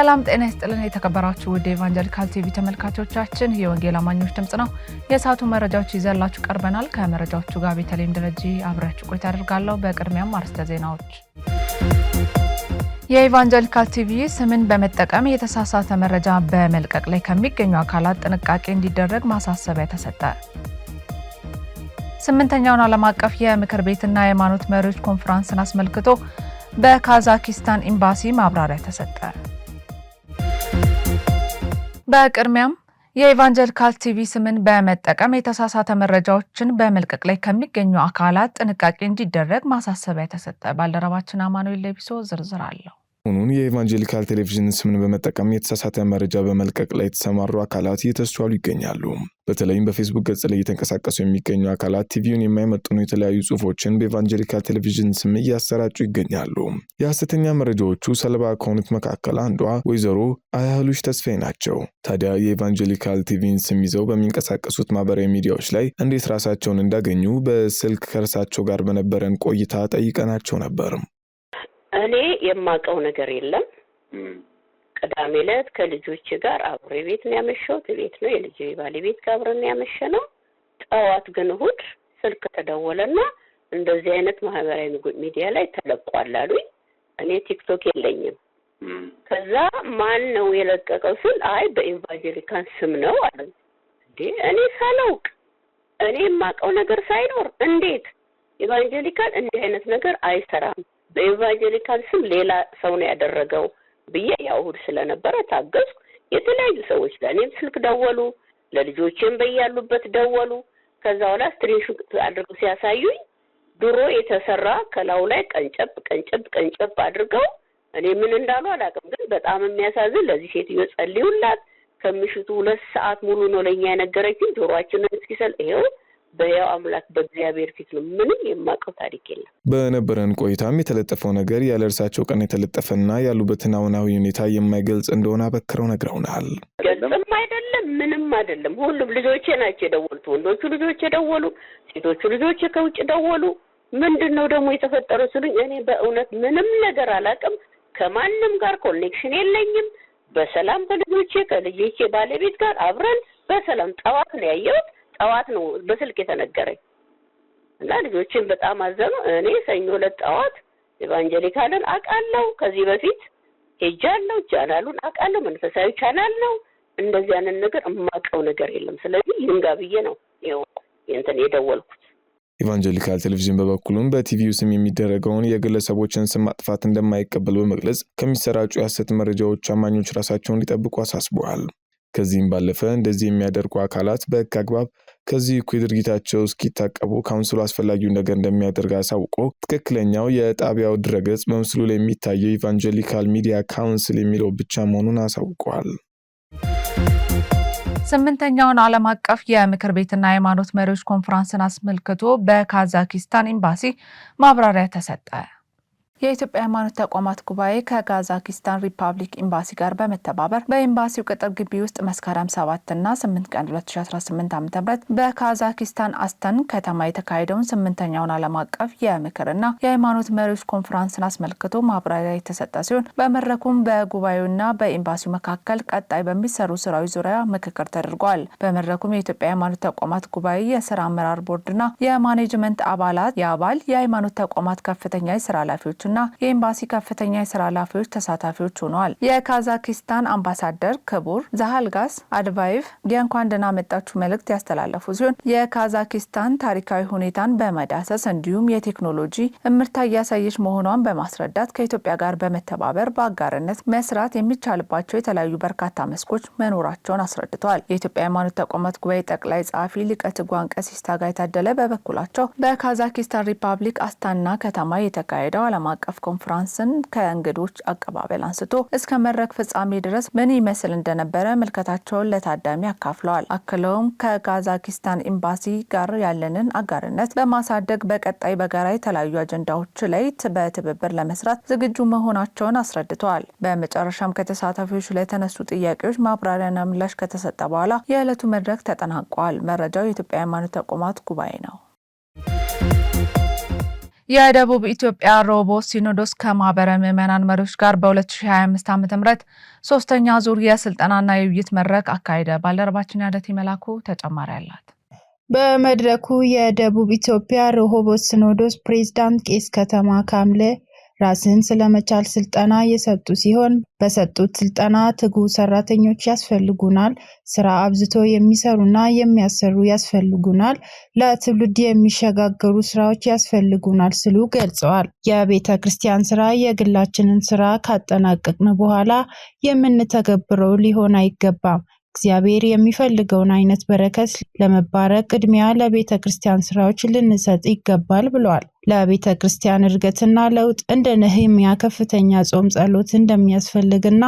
ሰላም ጤና ይስጥልን። የተከበራችሁ ውድ ኤቫንጀሊካል ቲቪ ተመልካቾቻችን የወንጌል አማኞች ድምጽ ነው። የእሳቱ መረጃዎች ይዘላችሁ ቀርበናል። ከመረጃዎቹ ጋር ቤተልሔም ደረጀ አብሬያችሁ ቆይታ አደርጋለሁ። በቅድሚያም አርዕስተ ዜናዎች። የኢቫንጀሊካል ቲቪ ስምን በመጠቀም የተሳሳተ መረጃ በመልቀቅ ላይ ከሚገኙ አካላት ጥንቃቄ እንዲደረግ ማሳሰቢያ ተሰጠ። ስምንተኛውን ዓለም አቀፍ የምክር ቤትና የሃይማኖት መሪዎች ኮንፈረንስን አስመልክቶ በካዛኪስታን ኤምባሲ ማብራሪያ ተሰጠ። በቅድሚያም የኢቫንጀሊካል ቲቪ ስምን በመጠቀም የተሳሳተ መረጃዎችን በመልቀቅ ላይ ከሚገኙ አካላት ጥንቃቄ እንዲደረግ ማሳሰቢያ የተሰጠ ባልደረባችን አማኑኤል ለቢሶ ዝርዝር አለው። መሆኑን የኢቫንጀሊካል ቴሌቪዥን ስምን በመጠቀም የተሳሳተ መረጃ በመልቀቅ ላይ የተሰማሩ አካላት እየተስተዋሉ ይገኛሉ። በተለይም በፌስቡክ ገጽ ላይ እየተንቀሳቀሱ የሚገኙ አካላት ቲቪውን የማይመጥኑ የተለያዩ ጽሁፎችን በኢቫንጀሊካል ቴሌቪዥን ስም እያሰራጩ ይገኛሉ። የሐሰተኛ መረጃዎቹ ሰለባ ከሆኑት መካከል አንዷ ወይዘሮ አያህሉሽ ተስፋዬ ናቸው። ታዲያ የኢቫንጀሊካል ቲቪን ስም ይዘው በሚንቀሳቀሱት ማህበራዊ ሚዲያዎች ላይ እንዴት ራሳቸውን እንዳገኙ በስልክ ከእርሳቸው ጋር በነበረን ቆይታ ጠይቀናቸው ነበር። እኔ የማውቀው ነገር የለም። ቅዳሜ ዕለት ከልጆች ጋር አብሬ ቤት ነው ያመሸሁት። ቤት ነው የልጅ ባሌ ቤት ጋር አብረን ያመሸ ነው። ጠዋት ግን እሑድ ስልክ ተደወለና እንደዚህ አይነት ማህበራዊ ሚዲያ ላይ ተለቋል አሉኝ። እኔ ቲክቶክ የለኝም። ከዛ ማን ነው የለቀቀው ስል አይ በኢቫንጀሊካን ስም ነው አለ። እንዴ እኔ ሳላውቅ እኔ የማውቀው ነገር ሳይኖር እንዴት ኢቫንጀሊካን እንዲህ አይነት ነገር አይሰራም በኤቫንጀሊካል ስም ሌላ ሰው ነው ያደረገው ብዬ ያው ስለነበረ ታገዝኩ። የተለያዩ ሰዎች ለእኔም ስልክ ደወሉ፣ ለልጆቼም በያሉበት ደወሉ። ከዛ በኋላ ስክሪንሾት አድርገው ሲያሳዩኝ ድሮ የተሰራ ከላዩ ላይ ቀንጨብ ቀንጨብ ቀንጨብ አድርገው እኔ ምን እንዳሉ አላውቅም፣ ግን በጣም የሚያሳዝን ለዚህ ሴትዮ ጸልዩላት። ከምሽቱ ሁለት ሰዓት ሙሉ ነው ለእኛ የነገረችን። ጆሮአችንን እስኪሰል ይሄው በያው አምላክ በእግዚአብሔር ፊት ነው። ምንም የማውቀው ታሪክ የለም። በነበረን ቆይታም የተለጠፈው ነገር ያለ እርሳቸው ቀን የተለጠፈና ያሉበትን አሁናዊ ሁኔታ የማይገልጽ እንደሆነ አበክረው ነግረውናል። ገልጽም አይደለም ምንም አይደለም። ሁሉም ልጆቼ ናቸው የደወሉት። ወንዶቹ ልጆች የደወሉ፣ ሴቶቹ ልጆች ከውጭ ደወሉ። ምንድን ነው ደግሞ የተፈጠረው ስሉኝ፣ እኔ በእውነት ምንም ነገር አላውቅም። ከማንም ጋር ኮኔክሽን የለኝም። በሰላም ከልጆቼ ከልጆቼ ባለቤት ጋር አብረን በሰላም ጠዋት ነው ያየሁት። ጠዋት ነው በስልክ የተነገረኝ እና ልጆችን በጣም አዘኑ። እኔ ሰኞ ዕለት ጠዋት ኢቫንጀሊካልን አውቃለሁ፣ ከዚህ በፊት ሄጃለሁ፣ ቻናሉን አውቃለሁ፣ መንፈሳዊ ቻናል ነው። እንደዚህ አይነት ነገር የማውቀው ነገር የለም። ስለዚህ ይንጋ ብዬ ነው እንትን የደወልኩት። ኢቫንጀሊካል ቴሌቪዥን በበኩሉም በቲቪው ስም የሚደረገውን የግለሰቦችን ስም ማጥፋት እንደማይቀበል በመግለጽ ከሚሰራጩ የሐሰት መረጃዎች አማኞች ራሳቸውን ሊጠብቁ አሳስበዋል። ከዚህም ባለፈ እንደዚህ የሚያደርጉ አካላት በሕግ አግባብ ከዚህ እኩይ ድርጊታቸው እስኪታቀቡ ካውንስሉ አስፈላጊውን ነገር እንደሚያደርግ አሳውቆ ትክክለኛው የጣቢያው ድረገጽ በምስሉ ላይ የሚታየው ኢቫንጀሊካል ሚዲያ ካውንስል የሚለው ብቻ መሆኑን አሳውቀዋል። ስምንተኛውን ዓለም አቀፍ የምክር ቤትና ሃይማኖት መሪዎች ኮንፈረንስን አስመልክቶ በካዛኪስታን ኤምባሲ ማብራሪያ ተሰጠ። የኢትዮጵያ ሃይማኖት ተቋማት ጉባኤ ከካዛኪስታን ሪፐብሊክ ኤምባሲ ጋር በመተባበር በኤምባሲው ቅጥር ግቢ ውስጥ መስከረም 7 እና 8 ቀን 2018 ዓ.ም በካዛኪስታን አስተን ከተማ የተካሄደውን ስምንተኛውን ዓለም አቀፍ የምክርና የሃይማኖት መሪዎች ኮንፈረንስን አስመልክቶ ማብራሪያ የተሰጠ ሲሆን በመድረኩም በጉባኤውና በኤምባሲው መካከል ቀጣይ በሚሰሩ ስራዎች ዙሪያ ምክክር ተደርጓል። በመድረኩም የኢትዮጵያ ሃይማኖት ተቋማት ጉባኤ የስራ አመራር ቦርድና የማኔጅመንት አባላት፣ የአባል የሃይማኖት ተቋማት ከፍተኛ የስራ ኃላፊዎች ና የኤምባሲ ከፍተኛ የስራ ኃላፊዎች ተሳታፊዎች ሆነዋል። የካዛኪስታን አምባሳደር ክቡር ዛሃልጋስ አድቫይቭ የእንኳን ደህና መጣችሁ መልእክት ያስተላለፉ ሲሆን የካዛኪስታን ታሪካዊ ሁኔታን በመዳሰስ እንዲሁም የቴክኖሎጂ እምርታ እያሳየች መሆኗን በማስረዳት ከኢትዮጵያ ጋር በመተባበር በአጋርነት መስራት የሚቻልባቸው የተለያዩ በርካታ መስኮች መኖራቸውን አስረድተዋል። የኢትዮጵያ ሃይማኖት ተቋማት ጉባኤ ጠቅላይ ጸሐፊ ሊቀ ትጉሃን ቀሲስ ታጋይ ታደለ በበኩላቸው በካዛኪስታን ሪፐብሊክ አስታና ከተማ የተካሄደው ዓለም አቀፍ ኮንፈረንስን ከእንግዶች አቀባበል አንስቶ እስከ መድረክ ፍጻሜ ድረስ ምን ይመስል እንደነበረ ምልከታቸውን ለታዳሚ አካፍለዋል። አክለውም ከካዛኪስታን ኤምባሲ ጋር ያለንን አጋርነት በማሳደግ በቀጣይ በጋራ የተለያዩ አጀንዳዎች ላይ በትብብር ለመስራት ዝግጁ መሆናቸውን አስረድተዋል። በመጨረሻም ከተሳታፊዎች ለተነሱ ጥያቄዎች ማብራሪያና ምላሽ ከተሰጠ በኋላ የዕለቱ መድረክ ተጠናቋል። መረጃው የኢትዮጵያ ሃይማኖት ተቋማት ጉባኤ ነው። የደቡብ ኢትዮጵያ ሮቦ ሲኖዶስ ከማህበረ ምዕመናን መሪዎች ጋር በ2025 ዓ ም ሶስተኛ ዙር የስልጠናና የውይይት መድረክ አካሄደ። ባልደረባችን ያደት መላኩ ተጨማሪ አላት። በመድረኩ የደቡብ ኢትዮጵያ ሮሆቦት ሲኖዶስ ፕሬዝዳንት ቄስ ከተማ ካምሌ ራስን ስለመቻል ስልጠና የሰጡ ሲሆን በሰጡት ስልጠና ትጉ ሰራተኞች ያስፈልጉናል፣ ስራ አብዝቶ የሚሰሩና የሚያሰሩ ያስፈልጉናል፣ ለትውልድ የሚሸጋገሩ ስራዎች ያስፈልጉናል ስሉ ገልጸዋል። የቤተ ክርስቲያን ስራ የግላችንን ስራ ካጠናቀቅን በኋላ የምንተገብረው ሊሆን አይገባም። እግዚአብሔር የሚፈልገውን አይነት በረከት ለመባረክ ቅድሚያ ለቤተ ክርስቲያን ስራዎች ልንሰጥ ይገባል ብለዋል። ለቤተ ክርስቲያን እድገትና ለውጥ እንደ ነህምያ ከፍተኛ ጾም ጸሎት እንደሚያስፈልግና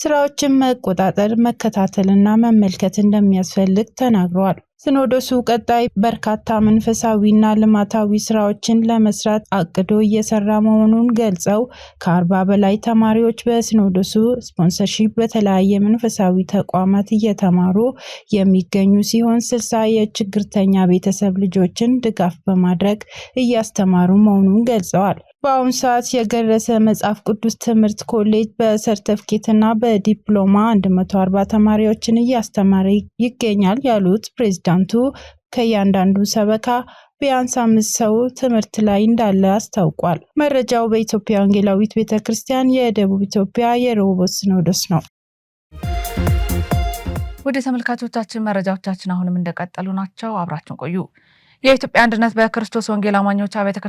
ስራዎችን መቆጣጠር፣ መከታተልና መመልከት እንደሚያስፈልግ ተናግረዋል። ሲኖዶሱ ቀጣይ በርካታ መንፈሳዊና ልማታዊ ስራዎችን ለመስራት አቅዶ እየሰራ መሆኑን ገልጸው ከአርባ በላይ ተማሪዎች በሲኖዶሱ ስፖንሰርሺፕ በተለያየ መንፈሳዊ ተቋማት እየተማሩ የሚገኙ ሲሆን ስልሳ የችግርተኛ ቤተሰብ ልጆችን ድጋፍ በማድረግ እያስተማሩ መሆኑን ገልጸዋል። በአሁኑ ሰዓት የገረሰ መጽሐፍ ቅዱስ ትምህርት ኮሌጅ በሰርተፍኬት እና በዲፕሎማ 140 ተማሪዎችን እያስተማረ ይገኛል ያሉት ፕሬዝዳንቱ ከእያንዳንዱ ሰበካ ቢያንስ አምስት ሰው ትምህርት ላይ እንዳለ አስታውቋል። መረጃው በኢትዮጵያ ወንጌላዊት ቤተ ክርስቲያን የደቡብ ኢትዮጵያ የሮቦት ሲኖዶስ ነው። ወደ ተመልካቾቻችን መረጃዎቻችን አሁንም እንደቀጠሉ ናቸው። አብራችን ቆዩ። የኢትዮጵያ አንድነት በክርስቶስ ወንጌል አማኞች ቤተክርስቲያናት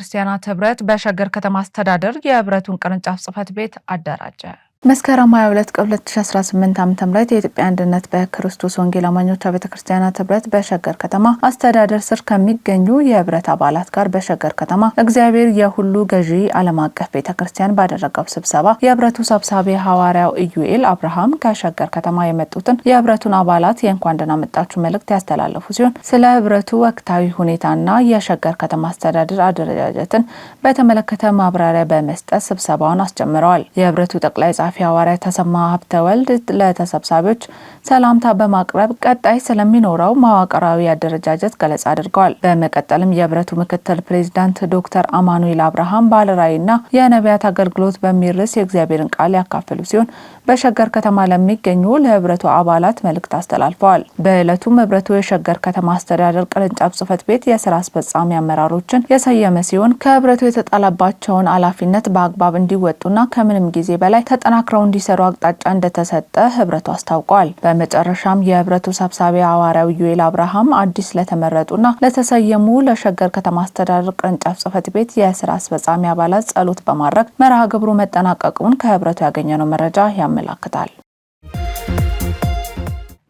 ክርስቲያናት ህብረት በሸገር ከተማ አስተዳደር የህብረቱን ቅርንጫፍ ጽህፈት ቤት አደራጀ። መስከረም 22 ቀን 2018 ዓ ም የኢትዮጵያ አንድነት በክርስቶስ ወንጌል አማኞች ቤተ ክርስቲያናት ህብረት በሸገር ከተማ አስተዳደር ስር ከሚገኙ የህብረት አባላት ጋር በሸገር ከተማ እግዚአብሔር የሁሉ ገዢ ዓለም አቀፍ ቤተ ክርስቲያን ባደረገው ስብሰባ የህብረቱ ሰብሳቢ ሐዋርያው ኢዩኤል አብርሃም ከሸገር ከተማ የመጡትን የህብረቱን አባላት የእንኳን ደህና መጣችሁ መልእክት ያስተላለፉ ሲሆን ስለ ህብረቱ ወቅታዊ ሁኔታና የሸገር ከተማ አስተዳደር አደረጃጀትን በተመለከተ ማብራሪያ በመስጠት ስብሰባውን አስጀምረዋል። የህብረቱ ጠቅላይ ኃላፊ ሐዋርያ ተሰማ ሀብተ ወልድ ለተሰብሳቢዎች ሰላምታ በማቅረብ ቀጣይ ስለሚኖረው መዋቅራዊ አደረጃጀት ገለጻ አድርገዋል። በመቀጠልም የህብረቱ ምክትል ፕሬዚዳንት ዶክተር አማኑኤል አብርሃም ባለራዕይና የነቢያት አገልግሎት በሚል ርዕስ የእግዚአብሔርን ቃል ያካፈሉ ሲሆን በሸገር ከተማ ለሚገኙ ለህብረቱ አባላት መልእክት አስተላልፈዋል። በዕለቱም ህብረቱ የሸገር ከተማ አስተዳደር ቅርንጫፍ ጽህፈት ቤት የስራ አስፈጻሚ አመራሮችን የሰየመ ሲሆን ከህብረቱ የተጣለባቸውን ኃላፊነት በአግባብ እንዲወጡና ከምንም ጊዜ በላይ ተጠናክረው እንዲሰሩ አቅጣጫ እንደተሰጠ ህብረቱ አስታውቋል። በመጨረሻም የህብረቱ ሰብሳቢ ሐዋርያው ዩኤል አብርሃም አዲስ ለተመረጡና ለተሰየሙ ለሸገር ከተማ አስተዳደር ቅርንጫፍ ጽህፈት ቤት የስራ አስፈጻሚ አባላት ጸሎት በማድረግ መርሃ ግብሩ መጠናቀቁን ከህብረቱ ያገኘነው መረጃ ያ ያመላክታል።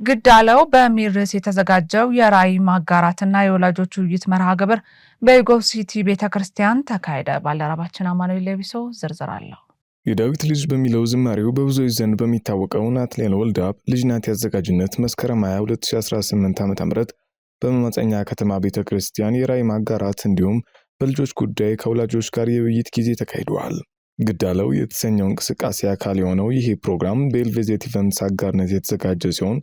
ግዳለው በሚል ርዕስ የተዘጋጀው የራዕይ ማጋራትና የወላጆች ውይይት መርሃ ግብር በዩጎብ ሲቲ ቤተ ክርስቲያን ተካሄደ። ባልደረባችን አማኖዊ ሌቢሶ ዝርዝር አለው። የዳዊት ልጅ በሚለው ዝማሬው በብዙዎች ዘንድ በሚታወቀው ናትሌን ወልዳብ ልጅ ናት አዘጋጅነት መስከረም 22 2018 ዓ ም በመማፀኛ ከተማ ቤተ ክርስቲያን የራዕይ ማጋራት እንዲሁም በልጆች ጉዳይ ከወላጆች ጋር የውይይት ጊዜ ተካሂደዋል። ግዳለው የተሰኘው እንቅስቃሴ አካል የሆነው ይህ ፕሮግራም በኤልቬዜት ኢቨንትስ አጋርነት የተዘጋጀ ሲሆን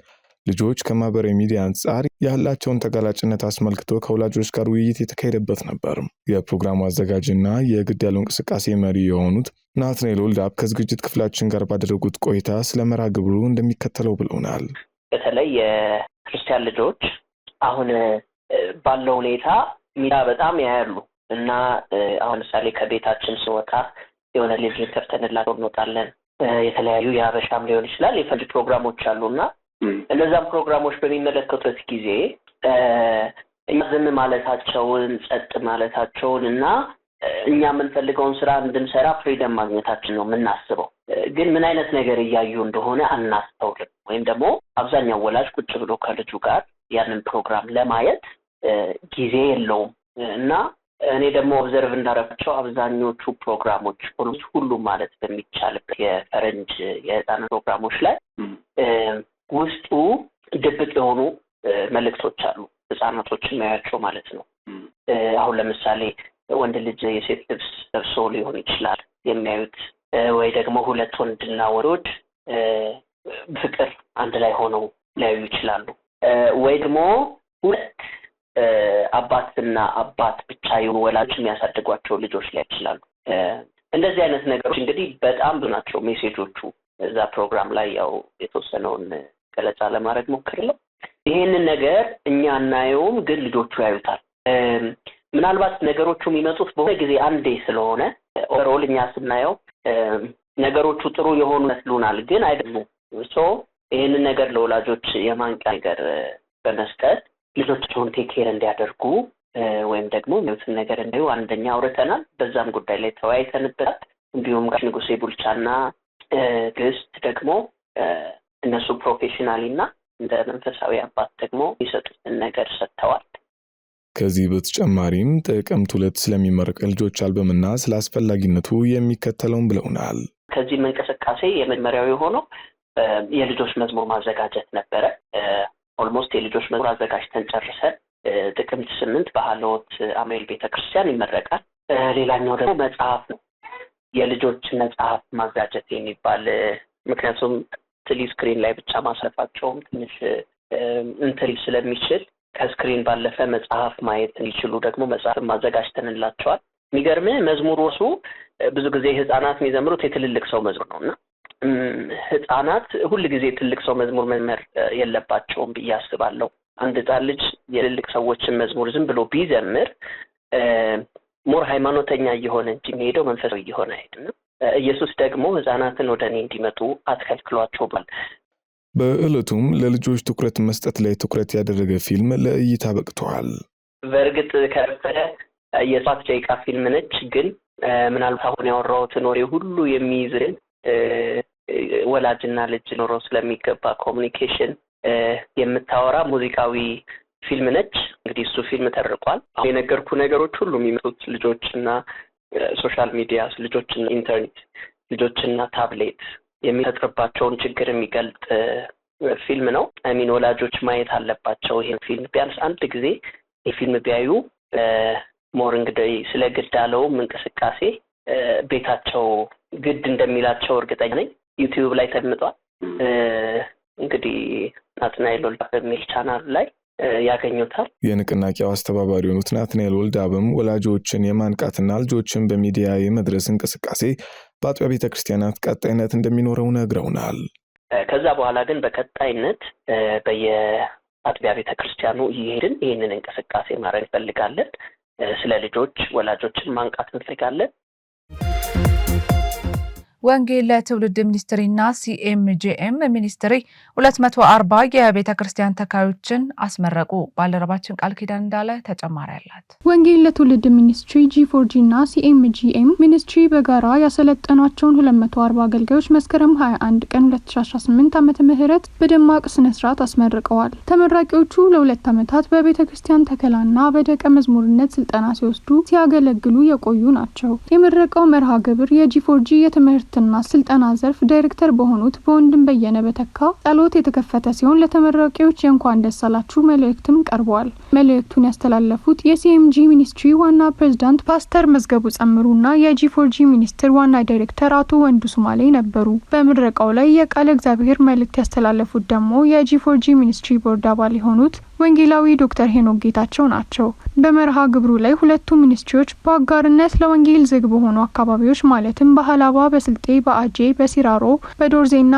ልጆች ከማህበራዊ ሚዲያ አንጻር ያላቸውን ተጋላጭነት አስመልክቶ ከወላጆች ጋር ውይይት የተካሄደበት ነበር። የፕሮግራሙ አዘጋጅና የግድ ያለው እንቅስቃሴ መሪ የሆኑት ናትናኤል ወልዳብ ከዝግጅት ክፍላችን ጋር ባደረጉት ቆይታ ስለ መርሃ ግብሩ እንደሚከተለው ብለውናል። በተለይ የክርስቲያን ልጆች አሁን ባለው ሁኔታ ሚዲያ በጣም ያያሉ እና አሁን ምሳሌ ከቤታችን ስወጣ የሆነ ሌቭል ከፍተንላቸው እንወጣለን። የተለያዩ የሀበሻም ሊሆን ይችላል የፈንድ ፕሮግራሞች አሉ እና እነዛም ፕሮግራሞች በሚመለከቱት ጊዜ እኛ ዝም ማለታቸውን ጸጥ ማለታቸውን እና እኛ የምንፈልገውን ስራ እንድንሰራ ፍሪደም ማግኘታችን ነው የምናስበው። ግን ምን አይነት ነገር እያዩ እንደሆነ አናስተውልም። ወይም ደግሞ አብዛኛው ወላጅ ቁጭ ብሎ ከልጁ ጋር ያንን ፕሮግራም ለማየት ጊዜ የለውም እና እኔ ደግሞ ኦብዘርቭ እንዳረጋቸው አብዛኞቹ ፕሮግራሞች ኦልሞስት ሁሉም ማለት በሚቻልበት የፈረንጅ የህፃናት ፕሮግራሞች ላይ ውስጡ ድብቅ የሆኑ መልእክቶች አሉ። ህጻናቶች የሚያያቸው ማለት ነው። አሁን ለምሳሌ ወንድ ልጅ የሴት ልብስ ለብሶ ሊሆን ይችላል የሚያዩት ወይ ደግሞ ሁለት ወንድና ወሮድ ፍቅር አንድ ላይ ሆነው ሊያዩ ይችላሉ ወይ ደግሞ ሁለት አባትና አባት ብቻ የሆኑ ወላጆች የሚያሳድጓቸው ልጆች ላይ ይችላሉ። እንደዚህ አይነት ነገሮች እንግዲህ በጣም ብዙ ናቸው ሜሴጆቹ። እዛ ፕሮግራም ላይ ያው የተወሰነውን ገለጻ ለማድረግ ሞክርለው። ይሄንን ነገር እኛ እናየውም፣ ግን ልጆቹ ያዩታል። ምናልባት ነገሮቹ የሚመጡት በሆነ ጊዜ አንዴ ስለሆነ ኦቨሮል እኛ ስናየው ነገሮቹ ጥሩ የሆኑ ይመስሉናል፣ ግን አይደሉም። ሶ ይህንን ነገር ለወላጆች የማንቂያ ነገር በመስጠት ልጆቻቸውን ቴክር እንዲያደርጉ ወይም ደግሞ ሚውትን ነገር እንዲሁ አንደኛ አውርተናል። በዛም ጉዳይ ላይ ተወያይተንበታል። እንዲሁም ጋሽ ንጉሴ ቡልቻና ግስት ደግሞ እነሱ ፕሮፌሽናሊ እና እንደ መንፈሳዊ አባት ደግሞ ሚሰጡትን ነገር ሰጥተዋል። ከዚህ በተጨማሪም ጥቅምት ሁለት ስለሚመረቅ ልጆች አልበምና ስለ አስፈላጊነቱ የሚከተለውን ብለውናል። ከዚህም እንቅስቃሴ የመጀመሪያው የሆነው የልጆች መዝሙር ማዘጋጀት ነበረ። ኦልሞስት የልጆች መዝሙር አዘጋጅተን ጨርሰን ጥቅምት ስምንት በሀልዎት አማኑኤል ቤተክርስቲያን ይመረቃል። ሌላኛው ደግሞ መጽሐፍ ነው። የልጆች መጽሐፍ ማዘጋጀት የሚባል ምክንያቱም ትሊ ስክሪን ላይ ብቻ ማስረፋቸውም ትንሽ እንትል ስለሚችል ከስክሪን ባለፈ መጽሐፍ ማየት እንዲችሉ ደግሞ መጽሐፍ ማዘጋጅተንላቸዋል። የሚገርም መዝሙር ወሱ ብዙ ጊዜ ህጻናት የሚዘምሩት የትልልቅ ሰው መዝሙር ነው እና ህጻናት ጊዜ ትልቅ ሰው መዝሙር መዝመር የለባቸውም ብዬ አስባለሁ። አንድ ህጻን ልጅ የትልቅ ሰዎችን መዝሙር ዝም ብሎ ቢዘምር ሞር ሃይማኖተኛ እየሆነ እንጂ የሚሄደው መንፈሳዊ እየሆነ አይሄድም። ኢየሱስ ደግሞ ህጻናትን ወደ እኔ እንዲመጡ አትከልክሏቸው ብሏል። በእለቱም ለልጆች ትኩረት መስጠት ላይ ትኩረት ያደረገ ፊልም ለእይታ በቅተዋል። በእርግጥ ከረፈደ የሰባት ደቂቃ ፊልም ነች፣ ግን ምናልባት አሁን ያወራውትን ወሬ ሁሉ የሚይዝን ወላጅና ልጅ ኖሮ ስለሚገባ ኮሚኒኬሽን የምታወራ ሙዚቃዊ ፊልም ነች። እንግዲህ እሱ ፊልም ተርቋል። አሁን የነገርኩ ነገሮች ሁሉ የሚመጡት ልጆችና ሶሻል ሚዲያ፣ ልጆችና ኢንተርኔት፣ ልጆችና ታብሌት የሚፈጥርባቸውን ችግር የሚገልጥ ፊልም ነው። አሚን ወላጆች ማየት አለባቸው ይሄን ፊልም ቢያንስ አንድ ጊዜ የፊልም ቢያዩ ሞር እንግዲህ ስለ ግድ አለውም እንቅስቃሴ ቤታቸው ግድ እንደሚላቸው እርግጠኛ ነኝ። ዩቲዩብ ላይ ተምጧል። እንግዲህ ናትናኤል ወልዳ በሚል ቻናል ላይ ያገኙታል። የንቅናቄው አስተባባሪ የሆኑት ናትናኤል ወልዳብም ወላጆችን የማንቃትና ልጆችን በሚዲያ የመድረስ እንቅስቃሴ በአጥቢያ ቤተ ክርስቲያናት ቀጣይነት እንደሚኖረው ነግረውናል። ከዛ በኋላ ግን በቀጣይነት በየአጥቢያ ቤተ ክርስቲያኑ እየሄድን ይህንን እንቅስቃሴ ማድረግ እንፈልጋለን። ስለ ልጆች ወላጆችን ማንቃት እንፈልጋለን። ወንጌል ለትውልድ ሚኒስትሪና ሲኤምጂኤም ሚኒስትሪ 240 የቤተ ክርስቲያን ተካዮችን አስመረቁ። ባልደረባችን ቃል ኪዳን እንዳለ ተጨማሪ አላት። ወንጌል ለትውልድ ሚኒስትሪ ጂ 4 እና ሲኤምጂኤም ሚኒስትሪ በጋራ ያሰለጠኗቸውን 240 አገልጋዮች መስከረም 21 ቀን 2018 ዓመተ ምህረት በደማቅ ስነስርዓት አስመርቀዋል። ተመራቂዎቹ ለሁለት ዓመታት በቤተ ክርስቲያን ተከላና በደቀ መዝሙርነት ስልጠና ሲወስዱ ሲያገለግሉ የቆዩ ናቸው። የምረቃው መርሃ ግብር የጂ የትምህርት ትምህርትና ስልጠና ዘርፍ ዳይሬክተር በሆኑት በወንድም በየነ በተካ ጸሎት የተከፈተ ሲሆን ለተመራቂዎች የእንኳን ደስ አላችሁ መልእክትም ቀርበዋል። መልእክቱን ያስተላለፉት የሲኤምጂ ሚኒስትሪ ዋና ፕሬዚዳንት ፓስተር መዝገቡ ጸምሩና የጂፎርጂ ሚኒስትር ዋና ዳይሬክተር አቶ ወንዱ ሱማሌ ነበሩ። በምረቃው ላይ የቃለ እግዚአብሔር መልእክት ያስተላለፉት ደግሞ የጂፎርጂ ሚኒስትሪ ቦርድ አባል የሆኑት ወንጌላዊ ዶክተር ሄኖክ ጌታቸው ናቸው። በመርሃ ግብሩ ላይ ሁለቱ ሚኒስትሪዎች በአጋርነት ለወንጌል ዝግ በሆኑ አካባቢዎች ማለትም በሀላባ፣ በስልጤ፣ በአጄ፣ በሲራሮ፣ በዶርዜና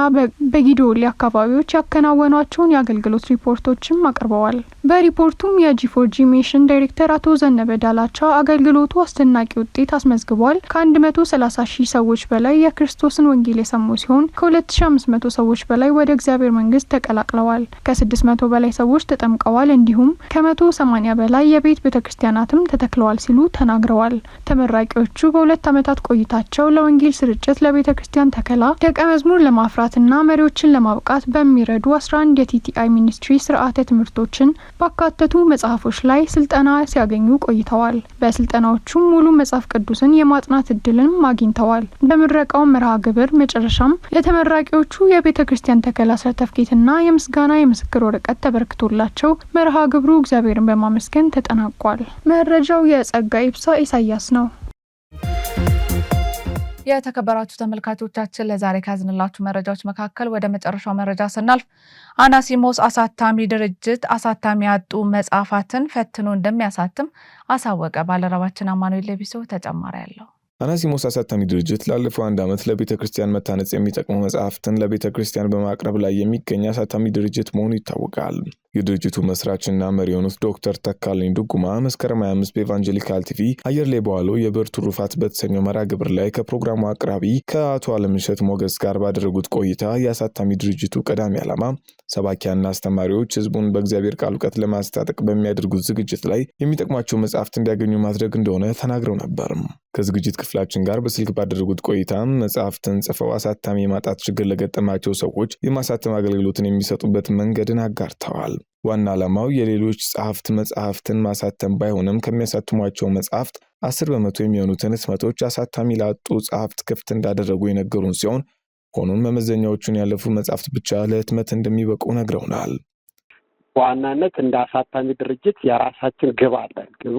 በጊዶሊ አካባቢዎች ያከናወኗቸውን የአገልግሎት ሪፖርቶችም አቅርበዋል። በሪፖርቱም የጂፎርጂ ሚሽን ዳይሬክተር አቶ ዘነበ ዳላቻ አገልግሎቱ አስደናቂ ውጤት አስመዝግቧል፣ ከ130 ሺህ ሰዎች በላይ የክርስቶስን ወንጌል የሰሙ ሲሆን ከ2500 ሰዎች በላይ ወደ እግዚአብሔር መንግስት ተቀላቅለዋል፣ ከ600 በላይ ሰዎች ተጠምቀዋል ተመርቀዋል። እንዲሁም ከመቶ ሰማኒያ በላይ የቤት ቤተ ክርስቲያናትም ተተክለዋል ሲሉ ተናግረዋል። ተመራቂዎቹ በሁለት ዓመታት ቆይታቸው ለወንጌል ስርጭት፣ ለቤተ ክርስቲያን ተከላ፣ ደቀ መዝሙር ለማፍራትና መሪዎችን ለማብቃት በሚረዱ 11 የቲቲአይ ሚኒስትሪ ስርዓተ ትምህርቶችን ባካተቱ መጽሐፎች ላይ ስልጠና ሲያገኙ ቆይተዋል። በስልጠናዎቹም ሙሉ መጽሐፍ ቅዱስን የማጥናት እድልን አግኝተዋል። በምረቃው መርሃ ግብር መጨረሻም ለተመራቂዎቹ የቤተ ክርስቲያን ተከላ ሰርተፍኬትና የምስጋና የምስክር ወረቀት ተበርክቶላቸው መርሃ ግብሩ እግዚአብሔርን በማመስገን ተጠናቋል። መረጃው የጸጋ ኢብሳ ኢሳያስ ነው። የተከበራችሁ ተመልካቾቻችን ለዛሬ ከያዝንላችሁ መረጃዎች መካከል ወደ መጨረሻው መረጃ ስናልፍ አናሲሞስ አሳታሚ ድርጅት አሳታሚ ያጡ መጽሐፋትን ፈትኖ እንደሚያሳትም አሳወቀ። ባልደረባችን አማኑኤል ለቢሶ ተጨማሪ ያለው አናሲሞስ አሳታሚ ድርጅት ላለፈው አንድ ዓመት ለቤተ ክርስቲያን መታነጽ የሚጠቅሙ መጽሐፍትን ለቤተ ክርስቲያን በማቅረብ ላይ የሚገኝ አሳታሚ ድርጅት መሆኑ ይታወቃል። የድርጅቱ መስራችና መሪ የሆኑት ዶክተር ተካልኝ ዱጉማ መስከረም 25 በኤቫንጀሊካል ቲቪ አየር ላይ በዋለው የብዕር ትሩፋት በተሰኘው መርሃ ግብር ላይ ከፕሮግራሙ አቅራቢ ከአቶ አለምሸት ሞገስ ጋር ባደረጉት ቆይታ የአሳታሚ ድርጅቱ ቀዳሚ ዓላማ ሰባኪያና አስተማሪዎች ህዝቡን በእግዚአብሔር ቃል እውቀት ለማስታጠቅ በሚያደርጉት ዝግጅት ላይ የሚጠቅሟቸው መጽሐፍት እንዲያገኙ ማድረግ እንደሆነ ተናግረው ነበር። ከዝግጅት ክፍላችን ጋር በስልክ ባደረጉት ቆይታ መጽሐፍትን ጽፈው አሳታሚ የማጣት ችግር ለገጠማቸው ሰዎች የማሳተም አገልግሎትን የሚሰጡበት መንገድን አጋርተዋል። ዋና ዓላማው የሌሎች ጸሐፍት መጽሐፍትን ማሳተም ባይሆንም ከሚያሳትሟቸው መጽሐፍት አስር በመቶ የሚሆኑትን ህትመቶች አሳታሚ ላጡ ጸሐፍት ክፍት እንዳደረጉ የነገሩን ሲሆን ሆኖም መመዘኛዎቹን ያለፉ መጽሐፍት ብቻ ለህትመት እንደሚበቁ ነግረውናል። በዋናነት እንደ አሳታሚ ድርጅት የራሳችን ግብ አለን። ግቡ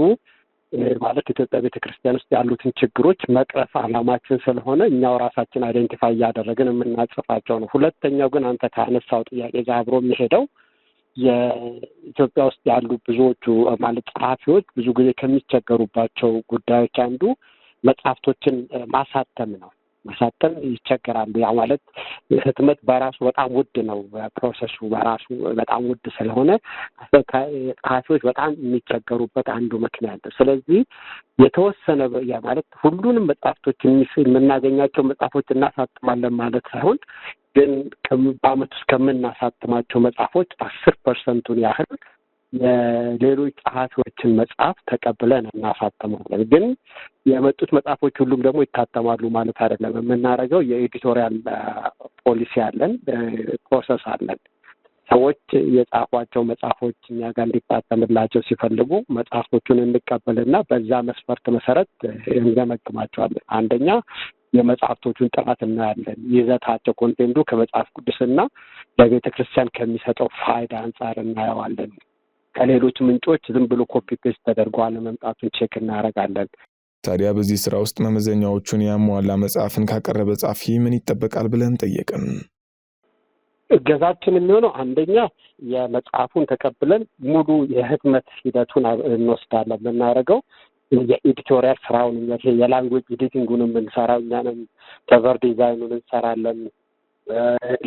ማለት ኢትዮጵያ ቤተ ክርስቲያን ውስጥ ያሉትን ችግሮች መቅረፍ አላማችን ስለሆነ እኛው ራሳችን አይደንቲፋይ እያደረግን የምናጽፋቸው ነው። ሁለተኛው ግን አንተ ካነሳው ጥያቄ ጋር አብሮ የሚሄደው የኢትዮጵያ ውስጥ ያሉ ብዙዎቹ ማለት ጸሐፊዎች ብዙ ጊዜ ከሚቸገሩባቸው ጉዳዮች አንዱ መጽሐፍቶችን ማሳተም ነው። ማሳተም ይቸገራሉ። ያ ማለት ህትመት በራሱ በጣም ውድ ነው። ፕሮሰሱ በራሱ በጣም ውድ ስለሆነ ጸሐፊዎች በጣም የሚቸገሩበት አንዱ ምክንያት ነው። ስለዚህ የተወሰነ ማለት ሁሉንም መጽሐፍቶች የምናገኛቸው መጽሐፎች እናሳትማለን ማለት ሳይሆን ግን በአመት ውስጥ ከምናሳትማቸው መጽሐፎች አስር ፐርሰንቱን ያህል የሌሎች ጸሐፊዎችን መጽሐፍ ተቀብለን እናሳተማለን። ግን የመጡት መጽሐፎች ሁሉም ደግሞ ይታተማሉ ማለት አይደለም። የምናደርገው የኤዲቶሪያል ፖሊሲ አለን፣ ፕሮሰስ አለን። ሰዎች የጻፏቸው መጽሐፎች እኛ ጋር እንዲታተምላቸው ሲፈልጉ መጽሐፎቹን እንቀበልና በዛ መስፈርት መሰረት እንገመግማቸዋለን። አንደኛ የመጽሐፍቶቹን ጥራት እናያለን። ይዘታቸው ኮንቴንቱ ከመጽሐፍ ቅዱስና ለቤተ ክርስቲያን ከሚሰጠው ፋይዳ አንጻር እናየዋለን። ከሌሎች ምንጮች ዝም ብሎ ኮፒ ፔስት ተደርጎ አለመምጣቱን ቼክ እናደርጋለን። ታዲያ በዚህ ስራ ውስጥ መመዘኛዎቹን ያሟላ መጽሐፍን ካቀረበ ጻፊ ምን ይጠበቃል ብለን ጠየቅን። እገዛችን የሚሆነው አንደኛ የመጽሐፉን ተቀብለን ሙሉ የህትመት ሂደቱን እንወስዳለን። የምናደርገው የኤዲቶሪያል ስራውን እኛ የላንጉጅ ኤዲቲንጉን የምንሰራው እኛንም ከቨር ዲዛይኑን እንሰራለን፣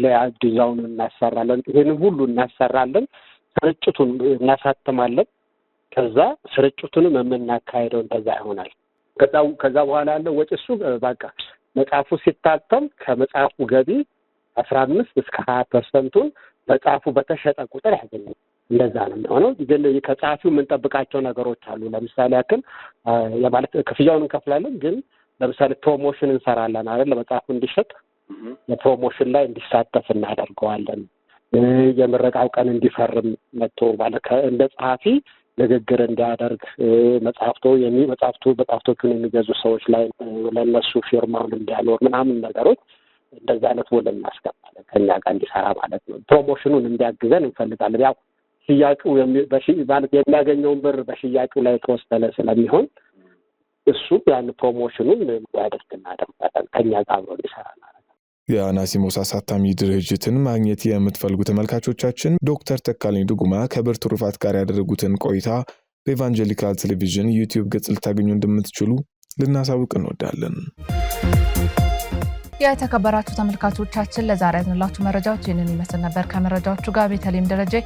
ለያብ ዲዛይኑን እናሰራለን። ይህንም ሁሉ እናሰራለን። ስርጭቱን እናሳትማለን። ከዛ ስርጭቱንም የምናካሄደው እንደዛ ይሆናል። ከዛ በኋላ ያለው ወጪ እሱ በቃ መጽሐፉ ሲታተም ከመጽሐፉ ገቢ አስራ አምስት እስከ ሀያ ፐርሰንቱን መጽሐፉ በተሸጠ ቁጥር ያገኛል። እንደዛ ነው የሚሆነው። ግን ከጸሐፊው የምንጠብቃቸው ነገሮች አሉ። ለምሳሌ ያክል የማለት ክፍያውን እንከፍላለን፣ ግን ለምሳሌ ፕሮሞሽን እንሰራለን አይደል? ለመጽሐፉ እንዲሸጥ የፕሮሞሽን ላይ እንዲሳተፍ እናደርገዋለን። የምረቃው ቀን እንዲፈርም መጥቶ ማለት እንደ ጸሐፊ ንግግር እንዲያደርግ መጽሐፍቶ የሚ መጽሐፍቱ መጽሐፍቶቹን የሚገዙ ሰዎች ላይ ለነሱ ፊርማውን እንዲያኖር ምናምን ነገሮች እንደዚህ አይነት ውል እናስገባለን ከኛ ጋር እንዲሰራ ማለት ነው። ፕሮሞሽኑን እንዲያግዘን እንፈልጋለን። ያው ሽያጩ ማለት የሚያገኘውን ብር በሽያጩ ላይ የተወሰነ ስለሚሆን እሱ ያን ፕሮሞሽኑን ያደርግ እናደርጋለን ከኛ ጋር አብሮ ሊሰራ የአናሲሞስ አሳታሚ ድርጅትን ማግኘት የምትፈልጉ ተመልካቾቻችን ዶክተር ተካልኝ ድጉማ ከብር ትሩፋት ጋር ያደረጉትን ቆይታ በኤቫንጀሊካል ቴሌቪዥን ዩቲዩብ ገጽ ልታገኙ እንደምትችሉ ልናሳውቅ እንወዳለን። የተከበራችሁ ተመልካቾቻችን ለዛሬ ያዝንላችሁ መረጃዎች ይህንን ይመስል ነበር። ከመረጃዎቹ ጋር ቤተልሔም ደረጀ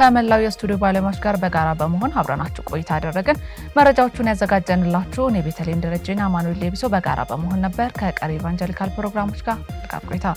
ከመላው የስቱዲዮ ባለሙያዎች ጋር በጋራ በመሆን አብረናችሁ ቆይታ አደረግን። መረጃዎቹን ያዘጋጀንላችሁ እኔ ቤተልሔም ደረጀና አማኑኤል ሌቢሶ በጋራ በመሆን ነበር። ከቀሪ ኢቫንጀሊካል ፕሮግራሞች ጋር ጥቃት ቆይታ